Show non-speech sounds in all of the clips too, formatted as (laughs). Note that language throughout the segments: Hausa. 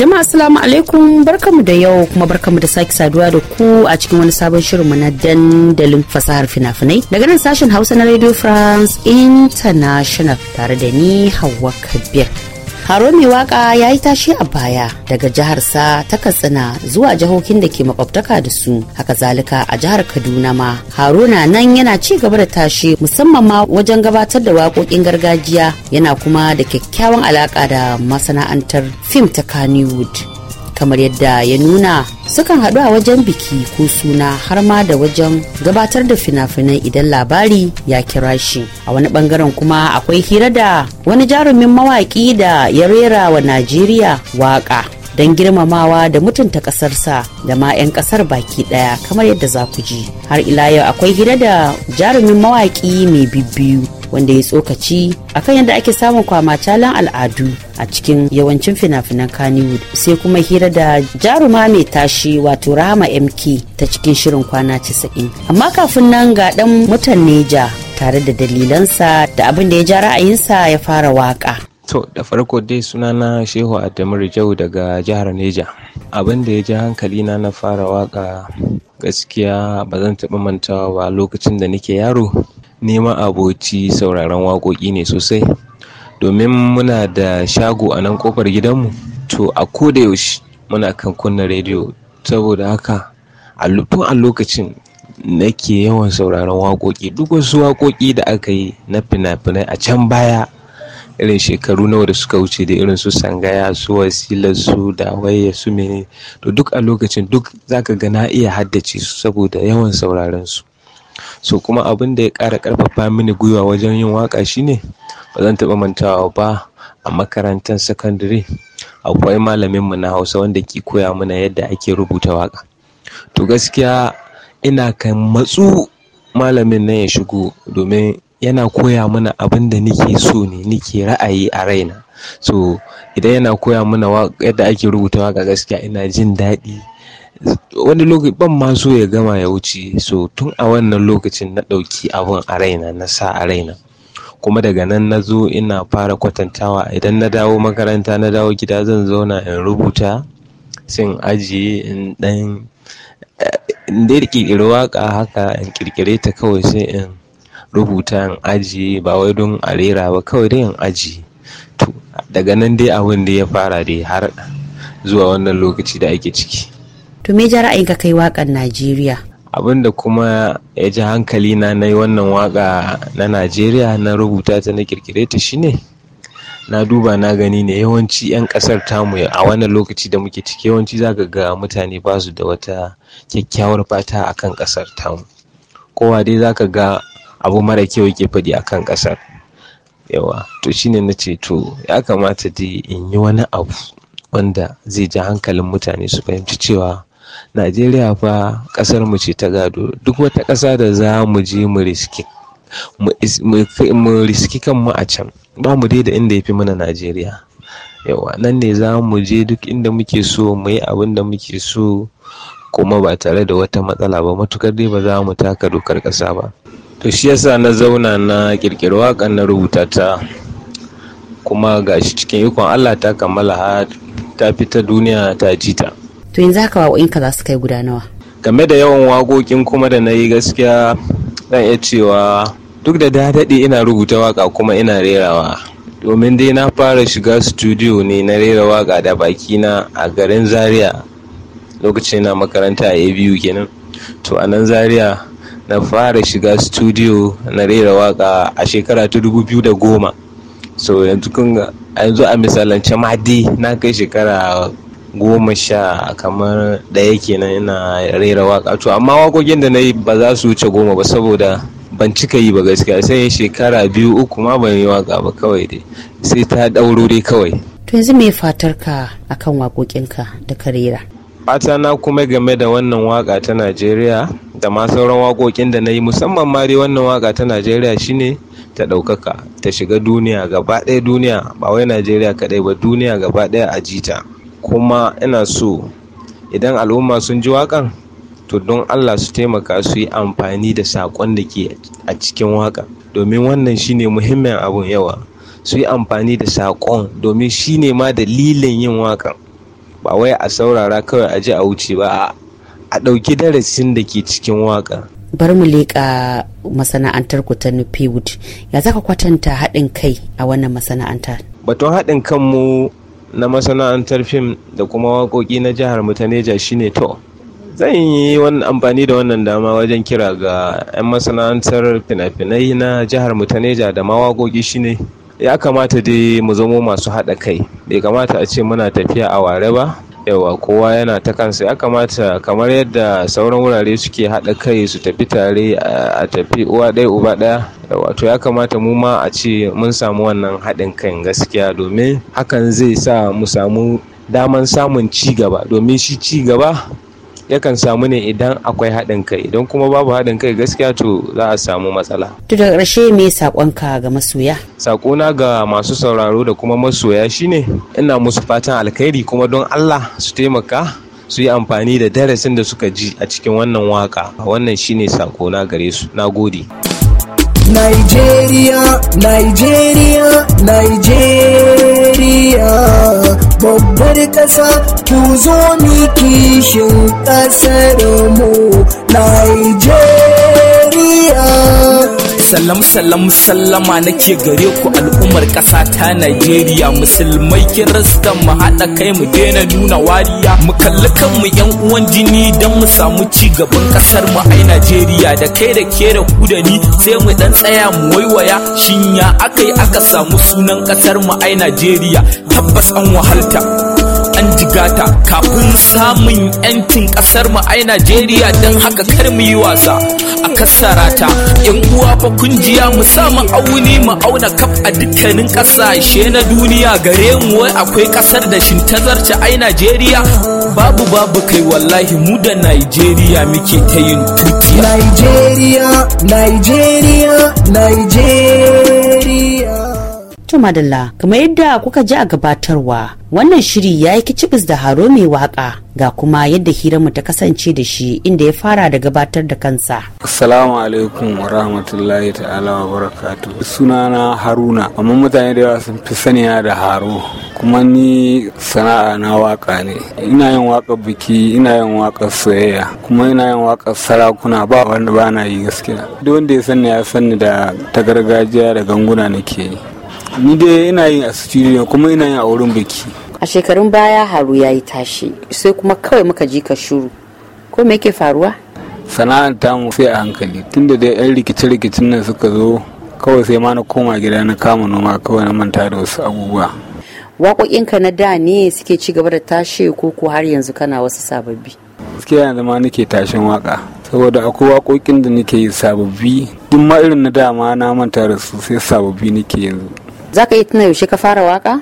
jama'a assalamu alaikum barkamu da yau kuma barkamu da sake saduwa da ku a cikin wani sabon shirin mu na dandalin fasahar fina-finai daga nan sashen hausa na radio france international tare da ni hawa kabir Haromi Waka ya yi tashi a baya daga jiharsa ta Katsina zuwa jihohin da ke makwabtaka da su. Haka zalika a jihar Kaduna ma. na nan yana ci gaba da tashi musamman ma wajen gabatar da waƙoƙin gargajiya yana kuma da kyakkyawan alaƙa da masana'antar fim ta Kannywood. kamar yadda ya nuna sukan haɗu a wajen biki ko suna har ma da wajen gabatar da fina-finai idan labari ya kira shi a wani bangaren kuma akwai hira da wani jarumin mawaƙi da ya rera wa najeriya waƙa don girmamawa da mutunta ƙasarsa da ma 'yan ƙasar baki ɗaya kamar yadda za ku ji har ila yau akwai hira da jarumin mawaƙi mai bibbiyu wanda ya tsokaci a kan yadda ake samun kwamacalan al'adu a cikin yawancin fina-finan Kannywood sai kuma hira da jaruma mai tashi wato Rahama MK ta cikin shirin kwana 90. Amma kafin nan ga ɗan mutan Neja tare da dalilansa da abin da ya ja ra'ayinsa ya fara waka. To da farko dai sunana Shehu Adamu jau daga jihar Neja. Abin da ya ji hankali na fara waka gaskiya ba zan taɓa mantawa ba lokacin da nake yaro neman aboci sauraron waƙoƙi ne sosai. Domin muna da shago a nan ƙofar gidanmu, to a ko yaushe muna kan kunna rediyo. Saboda haka, a tun a lokacin nake yawan sauraron waƙoƙi. Duk wasu waƙoƙi da aka yi na fina-finai a can baya, irin shekaru nawa da suka wuce da irin su Sangaya, su Wasila, su Dawaye, su mene, to duk a lokacin duk zaka ga na iya haddace su saboda yawan sauraron su. So kuma abin da ya ƙara ƙarfafa mini gwiwa wajen yin waƙa shine ba zan taɓa mantawa ba a makarantar sakandare akwai mu na Hausa wanda ke koya mana yadda ake rubuta waƙa. To gaskiya ina kan matsu malamin nan ya shigo domin yana koya mana abin da nike so ne, nake ra'ayi a raina. So idan yana koya mana yadda ake rubuta waƙa gaskiya ina jin daɗi wani lokaci ban ma so ya gama ya wuce so tun a wannan lokacin na ɗauki abun a raina na sa a raina kuma daga nan na zo ina fara kwatantawa idan na dawo makaranta na dawo gida zan zauna in rubuta sin ajiye in ɗan eh, in dai ƙirƙiri waƙa haka in ƙirƙire ta kawai sai in rubuta in ajiye ba wai don a rera ba kawai dai in ajiye to daga nan dai abin da ya fara dai har zuwa wannan lokaci da ake ciki to me ja ra'ayinka kai wakan najeriya abin da kuma ya ji hankali na na yi wannan waka na najeriya na rubuta ta na kirkire ta shine na duba na gani ne yawanci 'yan kasar tamu a wannan lokaci da muke ciki yawanci zaka ga mutane ba su da wata kyakkyawar fata a kan kasar tamu kowa dai za ka ga abu mara kyau yake faɗi kan kasar yawa to shine na ce to ya kamata dai in yi wani abu wanda zai ji hankalin mutane su fahimci cewa Najeriya fa ƙasar mu ce ta gado duk wata ƙasa da za mu je mu riski mu riski kanmu a can ba mu dai da inda ya fi mana Najeriya yawa nan ne za mu je duk inda muke so mu yi abin da muke so kuma ba tare da wata matsala ba matukar dai ba za mu taka dokar ƙasa ba to shi yasa na zauna na kirkiri waƙa na rubuta ta kuma gashi cikin ikon allah ta kammala har ta fita duniya ta ji ta to yanzu haka wa'inka za su kai guda nawa game da yawan waƙoƙin kuma da na yi gaskiya zan iya cewa duk da daɗi ina rubuta waƙa kuma ina rerawa domin dai na fara shiga studio ne na rera waƙa da bakina a garin zaria lokacin na makaranta a abu kenan to a nan zaria na fara shiga studio na rera waƙa a shekara ta goma. so yanzu a misalance ma dai na kai shekara goma sha kamar ɗaya kenan ina rera waka to amma wakokin da na yi ba za su wuce goma ba saboda ban cika yi ba gaskiya sai shekara biyu uku ma ban yi waka ba kawai dai sai ta ɗauro dai kawai to yanzu me fatar ka akan waƙoƙinka da ka rera fata na kuma game da wannan waka ta najeriya da ma sauran waƙoƙin da na yi musamman ma dai wannan waka ta najeriya shine ta ɗaukaka ta shiga duniya gaba ɗaya duniya ba wai najeriya kaɗai ba duniya gaba ɗaya a jita kuma ina so idan al'umma sun ji waƙan to don allah su taimaka su yi amfani da saƙon da ke a cikin waƙa domin wannan shine muhimmin abun yawa su yi amfani da saƙon domin shine ma dalilin yin waƙan ba wai a saurara kawai a ji a wuce ba a ɗauki darasin da ke cikin waƙa bar mu leƙa masana'antar ku ta nufiwood ya zaka kwatanta haɗin kai a wannan masana'anta batun haɗin kanmu na masana'antar fim da kuma waƙoƙi na jihar Mutaneja shine to zan yi amfani da wannan dama wajen kira ga 'yan masana'antar fina-finai na jihar Mutaneja da ma da mawaƙoƙi shine ya kamata dai mu zamo masu haɗa kai bai kamata a ce muna tafiya a ware ba yawa kowa yana ta kansa ya kamata kamar yadda sauran wurare suke haɗa kai su tafi tare a tafi uwa ɗaya uba ɗaya wato ya kamata mu ma a ce mun samu wannan haɗin kan gaskiya domin hakan zai sa mu samu daman samun ci gaba domin shi ci gaba yakan samu ne idan akwai haɗin kai idan kuma babu haɗin kai gaskiya to za a samu matsala. To daga ƙarshe me saƙonka ga masoya? Saƙona ga masu sauraro da kuma masoya shine ina musu fatan alkhairi kuma don Allah su taimaka su yi amfani da darasin da suka ji a cikin wannan waka wannan shine saƙona gare su na gode Nigeria, Nigeria, Nigeria babbar ƙasa ku zo ni kishin ƙasar mu Nigeria salam salam sallama nake gare ku al'ummar ƙasa ta Najeriya musulmai kin rasta mu haɗa kai mu daina nuna wariya mu kalli kanmu yan uwan jini don mu samu ci gaban ƙasar mu ai Najeriya da kai da ke da ku da ni sai mu dan tsaya mu waiwaya shinya akai aka samu sunan ƙasar mu ai Najeriya tabbas an wahalta an jigata kafin samun yancin kasar mu ai Najeriya don haka kar mu yi wasa a kasara ta yan uwa fa kunjiya mu samu auni mu auna kaf a dukkanin kasashe na duniya gare mu wai akwai kasar da shintazarci ai Najeriya babu babu kai wallahi mu da Najeriya muke ta yin tuciya Najeriya Najeriya Najeriya To madalla kamar yadda kuka ji a gabatarwa wannan shiri ya yi kicibis da haro mai waka ga kuma yadda hiranmu ta kasance da shi inda ya fara da gabatar da kansa. Assalamu alaikum wa rahmatullahi ta'ala wa barakatu. Sunana Haruna amma mutane da yawa sun fi saniya da haro kuma ni sana'a na waka ne. Ina yin waka biki, ina yin waka soyayya, kuma ina yin waka sarakuna ba wanda ba na yi gaskiya. Duk wanda ya sani ya sani da ta gargajiya da ganguna nake yi. ni dai ina yin a studio kuma ina yin a wurin biki a shekarun baya haru ya yi tashi sai kuma kawai muka ji ka shuru ko me yake faruwa sana'ar tamu sai a hankali tunda da yan rikice-rikicin nan suka zo kawai sai ma na koma gida na kama noma kawai na manta da wasu abubuwa waƙoƙinka na da ne suke ci gaba da tashe ko ko har yanzu kana wasu sababbi suke yanzu ma nake tashin waka saboda akwai waƙoƙin da nake yi sababbi duk ma irin na dama na manta da su sai sababbi nake yanzu za ka iya tuna yaushe ka fara waka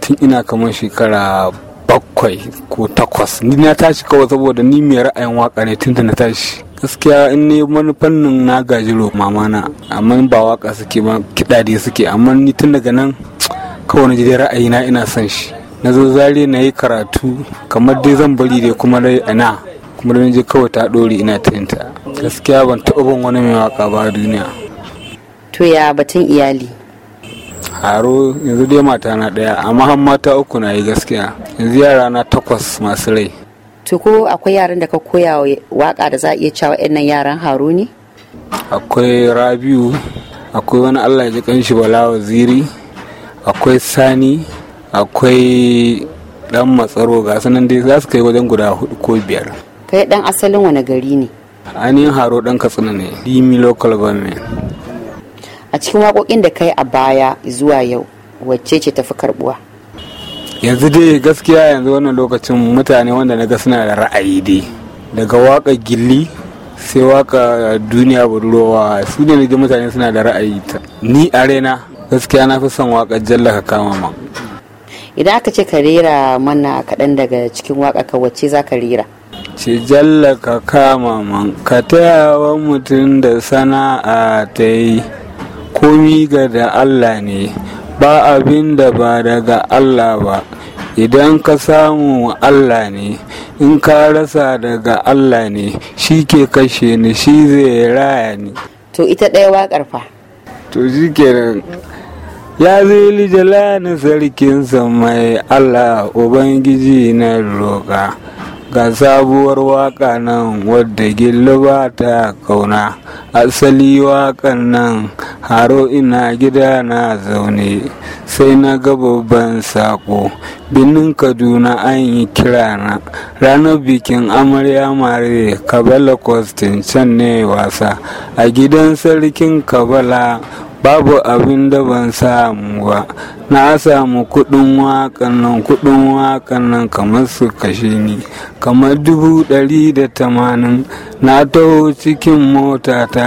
tun ina kamar shekara bakwai ko takwas ni na tashi kawai saboda ni mai ra'ayin waka ne tun da na tashi gaskiya in ne wani fannin na gaji mama na amma ba waka suke ba kiɗa dai suke amma ni tun daga nan kawai na ra'ayi na ina son shi na zo zare na yi karatu kamar dai zan bari dai kuma dai ana kuma dai je kawai ta ɗore ina tinta gaskiya ban taɓa ban wani mai waka ba duniya to ya batun iyali haro yanzu dai mata na ɗaya amma har mata uku na yi gaskiya yanzu yara na takwas masu rai to ko akwai yaran da ka koya waka da za a iya cewa yan yaran haro ne akwai rabiu akwai wani allah ji kanshi bala waziri akwai sani akwai dan matsaro ga sanan dai za su kai wajen guda hudu ko biyar kai dan asalin wani gari ne ainihin haro dan katsina ne dimi local government a cikin waƙoƙin da kai a baya zuwa yau wacce ce tafi karbuwa yanzu dai gaskiya yanzu wannan lokacin mutane wanda na ga suna da ra'ayi dai daga waka gilli sai waka duniya budurwa su ne da mutane suna da ra'ayi ta ni a rena gaskiya na fi son waka jalla ka kama ma idan aka ce ka rera mana kaɗan daga cikin waka ka wacce za ka rera ce jalla ka kama man ka tayawa mutum da sana'a ta yi komi ga da Allah ne ba abin da ba daga Allah ba idan ka samu Allah ne in ka rasa daga Allah ne shi ke kashe ni shi zai raya ni to ita ɗaya waƙar fa to shi kenan ya zai ni sarkin mai Allah ubangiji na roƙa ga sabuwar waka nan wadda gillu ta kauna asali wakan nan haro ina gida na zaune sai na ga babban sako binin kaduna an yi kirana ranar bikin amarya mare kabala kwastin can ne wasa a gidan sarkin kabala babu abin da ban samu ba na samu kuɗin wakan nan kuɗin wakan nan kamar su kashe ni kamar dubu ɗari da tamanin na taho cikin motata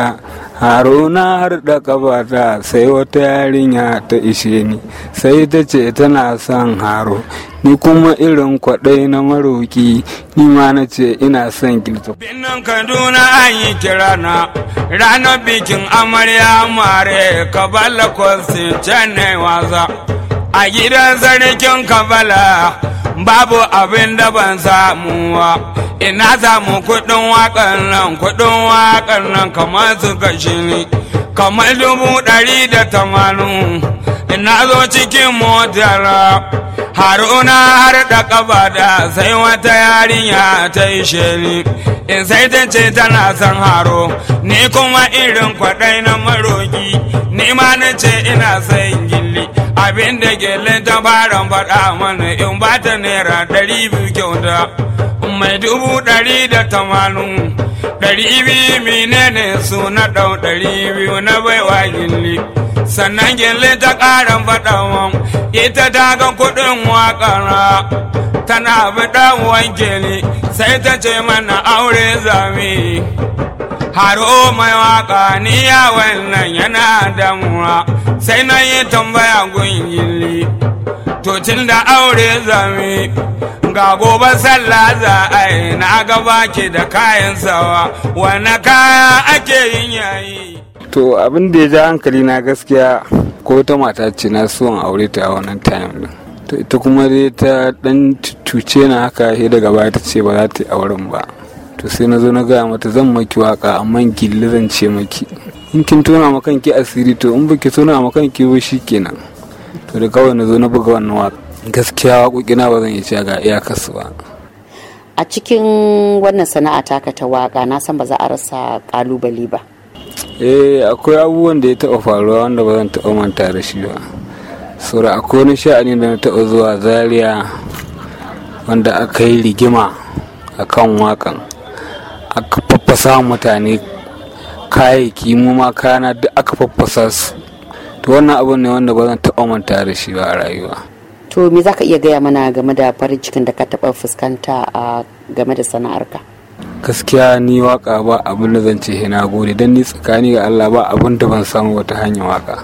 haruna har da kabata sai wata yarinya ta ishe ni sai ta ce tana son haro ni kuma irin kwaɗai na maroki ni ma na ce ina son gilto binnan kaduna an yi kirana ranar bikin amarya mare kabala kwasi canai waza a gidan sarkin kabala babu abin da ban samu wa ina samu kudin wakan nan kudin wakan nan kamar su gashi ne. kamar dubu ɗari da tamanin ina zo cikin motar haruna har da kaba da sai wata yarinya ta yi shiri in sai ta ce tana san haro ni kuma irin kwaɗai na maroki ni ma na ce ina sayin gilli abin da gelen ta fara faɗa mana in ba ta naira ɗari biyu kyauta mai dubu ɗari da tamanin ɗari biyu menene su na ɗau ɗari biyu na baiwa gilli sannan gelen ta ƙaran faɗa man ita ta ga kuɗin waƙara tana faɗa wanke ni sai ta ce mana aure zami haro mai waƙa ni ya wannan yana damuwa sai na yi tambaya gungili to tun da aure zami ga gobe sallah za a yi na gaba ke da kayan sawa wani kaya ake yin yayi to abin da ya ja hankali na gaskiya ko ta mata ce na suwan aure ta a wannan time din to ita kuma dai ta dan cuce na haka sai daga baya ta ce ba za ta yi auren ba to sai na zo na gaya mata zan maki waka amma gilli zan ce maki in kin tona ma kanki asiri to in baki tona ma kanki ba kenan to da kawai na zo na buga wannan waka gaskiya waƙoƙina ba zan yi ga iyakarsu ba a cikin wannan sana'a taka ta waka na san ba za a rasa kalubale ba eh akwai abubuwan da ya taɓa faruwa wanda ba zan taɓa manta da shi ba saura akwai wani sha'ani da na taɓa zuwa zaria wanda aka yi rigima akan wakan aka fafasa mutane kayayyaki mu ma kana duk aka faffasa su to wannan abu ne wanda ba zan taɓa manta da shi ba a rayuwa to me zaka iya gaya mana game da farin cikin da ka taɓa fuskanta a game da sana'arka gaskiya ni waka ba abin da zan ce na gode don ni tsakani ga Allah ba abin da ban samu wata hanyar waka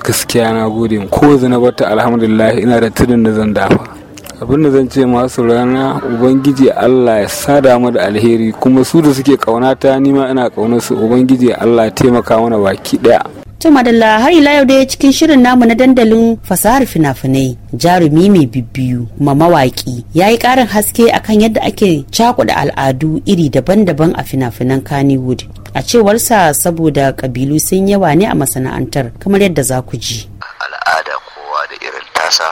gaskiya na gode ko zina bata alhamdulillah ina da tudun da zan dafa abin da zan ce masu rana ubangiji allah ya sada mu da alheri kuma su da suke kaunata ni ma ina kaunar su ubangiji allah ya taimaka mana baki daya to madalla har ila yau dai cikin shirin namu na dandalin fasahar fina-finai jarumi mai bibbiyu kuma mawaki ya yi karin haske akan yadda ake cakuɗa al'adu iri daban-daban a fina-finan kannywood a cewarsa saboda kabilu sun yawa ne a masana'antar kamar yadda za ku ji al'ada kowa da irin tasa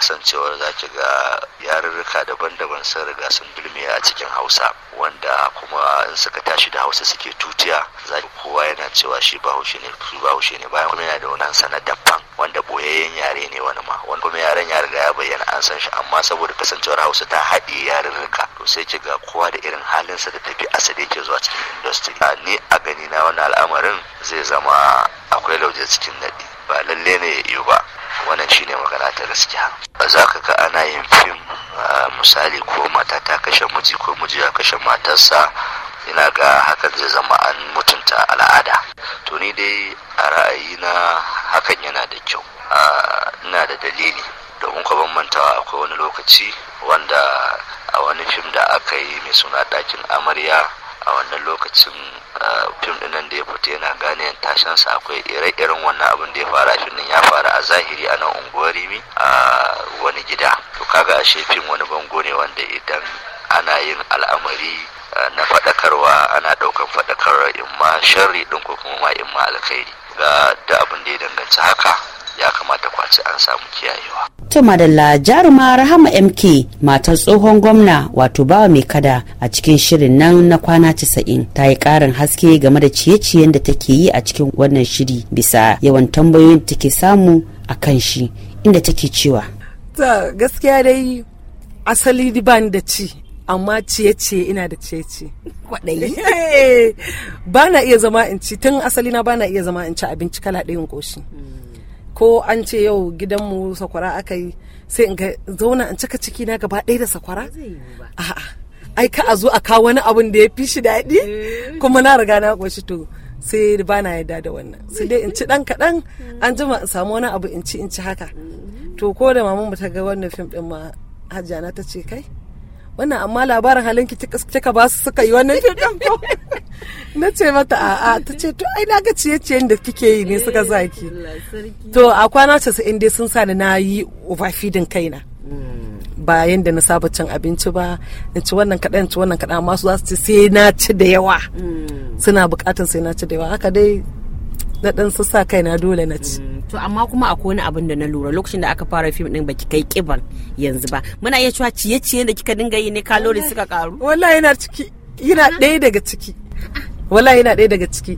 kasancewar za ki ga yarurruka daban-daban sun riga sun bilmiya a cikin hausa wanda kuma in suka tashi da hausa suke tutiya za ki kowa yana cewa shi bahaushe ne su bahaushe ne bayan kuma yana da wani sana daban wanda boyayyen yare ne wani ma wani kuma yaren ya riga ya bayyana an san shi amma saboda kasancewar hausa ta haɗe yarurruka to sai ki ga kowa da irin halinsa da tafi asali yake zuwa cikin industry ni a gani na wani al'amarin zai zama akwai lauje cikin naɗi ba lalle ne ya yiwu ba wannan shi ne magana ta gaskiya ba za ka ga ana yin fim misali ko mata ta kashe miji ko miji ya kashe matarsa ina ga hakan zai zama an mutunta al'ada to ni dai a ra'ayina hakan yana da kyau ina da dalili domin kwa mantawa akwai wani lokaci wanda a wani fim da aka yi mai suna ɗakin amarya a wannan lokacin fim nan da ya fita yana gane yan tashansa akwai ire-iren wannan abin da ya fara fim ya fara a zahiri a nan unguwar rimi a wani gida to kaga ashe fim wani bango ne wanda idan ana yin al'amari na faɗakarwa ana ɗaukan faɗakarwa in ma sharri ɗin ko kuma ma in ma alkhairi ga da abin da ya danganci haka ya kamata kwace an samu kiyayewa to madalla jaruma rahama mk matar tsohon gwamna wato bawa mai kada a cikin shirin nan na kwana 90 ta yi karin haske game da ciye-ciyen da take yi a cikin wannan shiri bisa yawan tambayoyin da take samu a kan shi inda take cewa ta gaskiya dai asali ban da ci amma ciye-ciye ina da ciye-ciye kwaɗayi (laughs) eh, ba na iya zama in ci tun asali na ba na iya zama in ci abinci kala ɗayan koshi. Hmm. ko an ce yau gidanmu sakwara aka yi sai in ga zauna in cika ciki na gaba ɗaya da sakwara ai ka a zo a kawo wani abun da ya fi shi daɗi eh. kuma na riga na ƙoshi to sai ba na yarda da wannan sai dai in ci ɗan kaɗan hmm. an jima in samu wani abu in ci in ci haka hmm. to ko da mamanmu ta ga wannan fim ɗin ma hajjana ta ce kai wannan amma labarin halin ki kika ba su suka yi wannan fiɗan ko (laughs) na ce mata a'a ta ce to ai na ga ciye da kike yi ne suka zaki eh, to a kwana casa'in dai sun sa ni na yi overfeeding kaina hmm. ba yanda na saba cin abinci ba in ci wannan kaɗan ci wannan kaɗan amma su za su ci sai na ci da yawa hmm. suna buƙatar sai na ci da yawa haka dai na dan sa kai na dole na ci mm, to amma kuma akwai wani abin da na lura lokacin da aka fara fim din baki kai kiban yanzu ba muna iya cewa ciye-ciye da kika dinga yi ne kalori suka karu wallahi yana ciki yana ɗaya daga ciki wallahi yana ɗaya daga ciki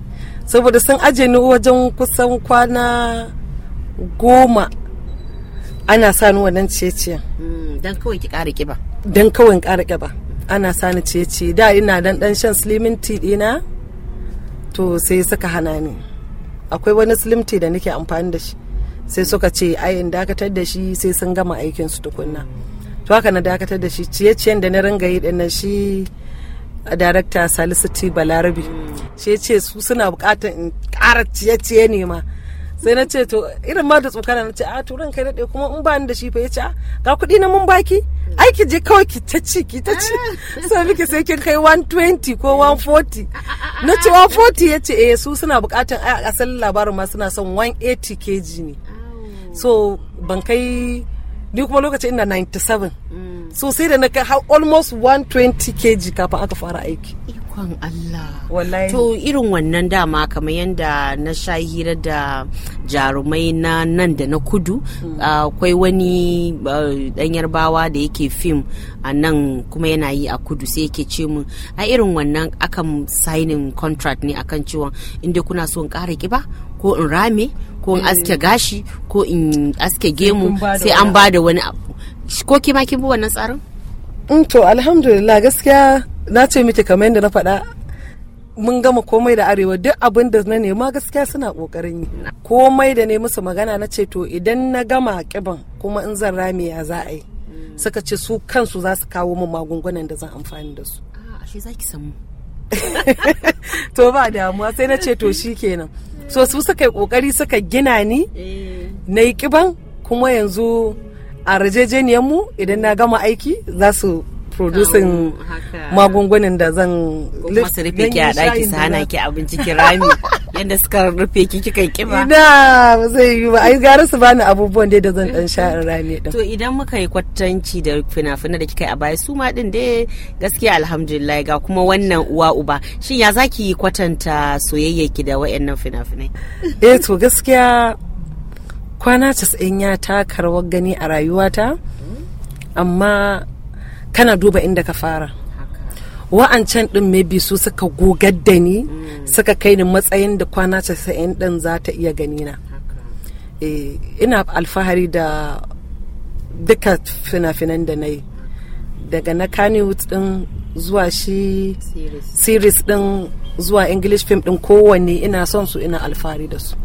saboda sun aje ni wajen kusan kwana goma ana sa ni wannan ciye-ciyen mm, dan kawai ki ƙara kiba dan kawai ƙara kiba ana sa ni ciye-ciye da ina dan dan shan slimming tea dina to sai suka hana ni akwai wani slim da nake amfani da shi sai suka ce ai in dakatar da shi sai sun gama aikin su tukunna to haka na dakatar da shi ciye-ciyen da na ringa yi dinnan shi a director Salisu T Balarabi shi ya su suna bukatar in kara ciye-ciye ne ma sai na ce to irin ma da tsokana na ce a ah, turan kai daɗe kuma in ba ni da shi fa ya ce ah, ga kuɗi na mun baki ai ki je kawai ki ta ci ki ta ci ah. sai miki sai kin kai 120 ko 140 eh. na ce 140 ya ce eh, su suna bukatan a asalin labarin ma suna son 180 kg ne so ban kai ni kuma lokacin ina 97 mm. so sai da na kai almost 120 kg kafin aka fara aiki ikon Allah wallahi to irin wannan dama kamar yadda na sha hira da jarumai na nan da na kudu hmm. akwai wani dan yarbawa da yake fim a nan kuma yana yi a kudu sai yake ce mu a irin wannan akan signing contract ne akan cewa inda kuna so in kara kiba ko in rame ko in aske hmm. gashi ko in aske gemu sai an ba da wani abu ko kima kin bi wannan tsarin Mm, to alhamdulillah gaskiya na ce miki kamar yadda na faɗa mun gama komai da arewa duk abin da na nema gaskiya suna kokarin yi komai da ne musu magana na ce to idan na gama kiban kuma in zan rami ya za a yi suka ce su kansu za su kawo min magungunan da zan amfani da su ah, ashe za ki samu (laughs) to ba damuwa sai na ce to shi kenan so su suka yi kokari suka gina ni eh. na yi kiban kuma yanzu a rajejeniyanmu mu idan na gama aiki za su producing magungunan da zan masu rufe ki a daki su hana ki abinci ki rami (laughs) yadda suka rufe ki kika kima. na zai yi ba ai gara su bani abubuwan dai da zan dan sha rami din to idan muka yi kwatanci da fina-fina da kika yi a baya su ma din dai gaskiya alhamdulillah ga kuma wannan uwa uba shin ya zaki kwatanta soyayya ki da wayannan fina-finai eh to gaskiya kwana casa'in ya taka rawar gani a rayuwata amma kana duba inda ka fara wa'ancan din maybe su suka gogar da ni mm. suka kai ni matsayin da kwana casa'in din za ta iya ganina eh, ina alfahari da duka fina-finan da na yi daga na kaniwood din zuwa shi series din zuwa english film din kowanne ina son su ina alfahari da su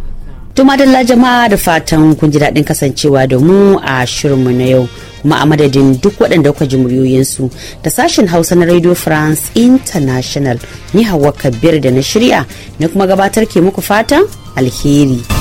Tuma dalla jama'a da fatan kun ji daɗin kasancewa da mu a shirinmu na yau kuma a madadin duk waɗanda kuka ji muryoyinsu da sashen Hausa na Radio France International ni Hauwa Kabir da na shirya na kuma gabatar ke muku fatan alheri.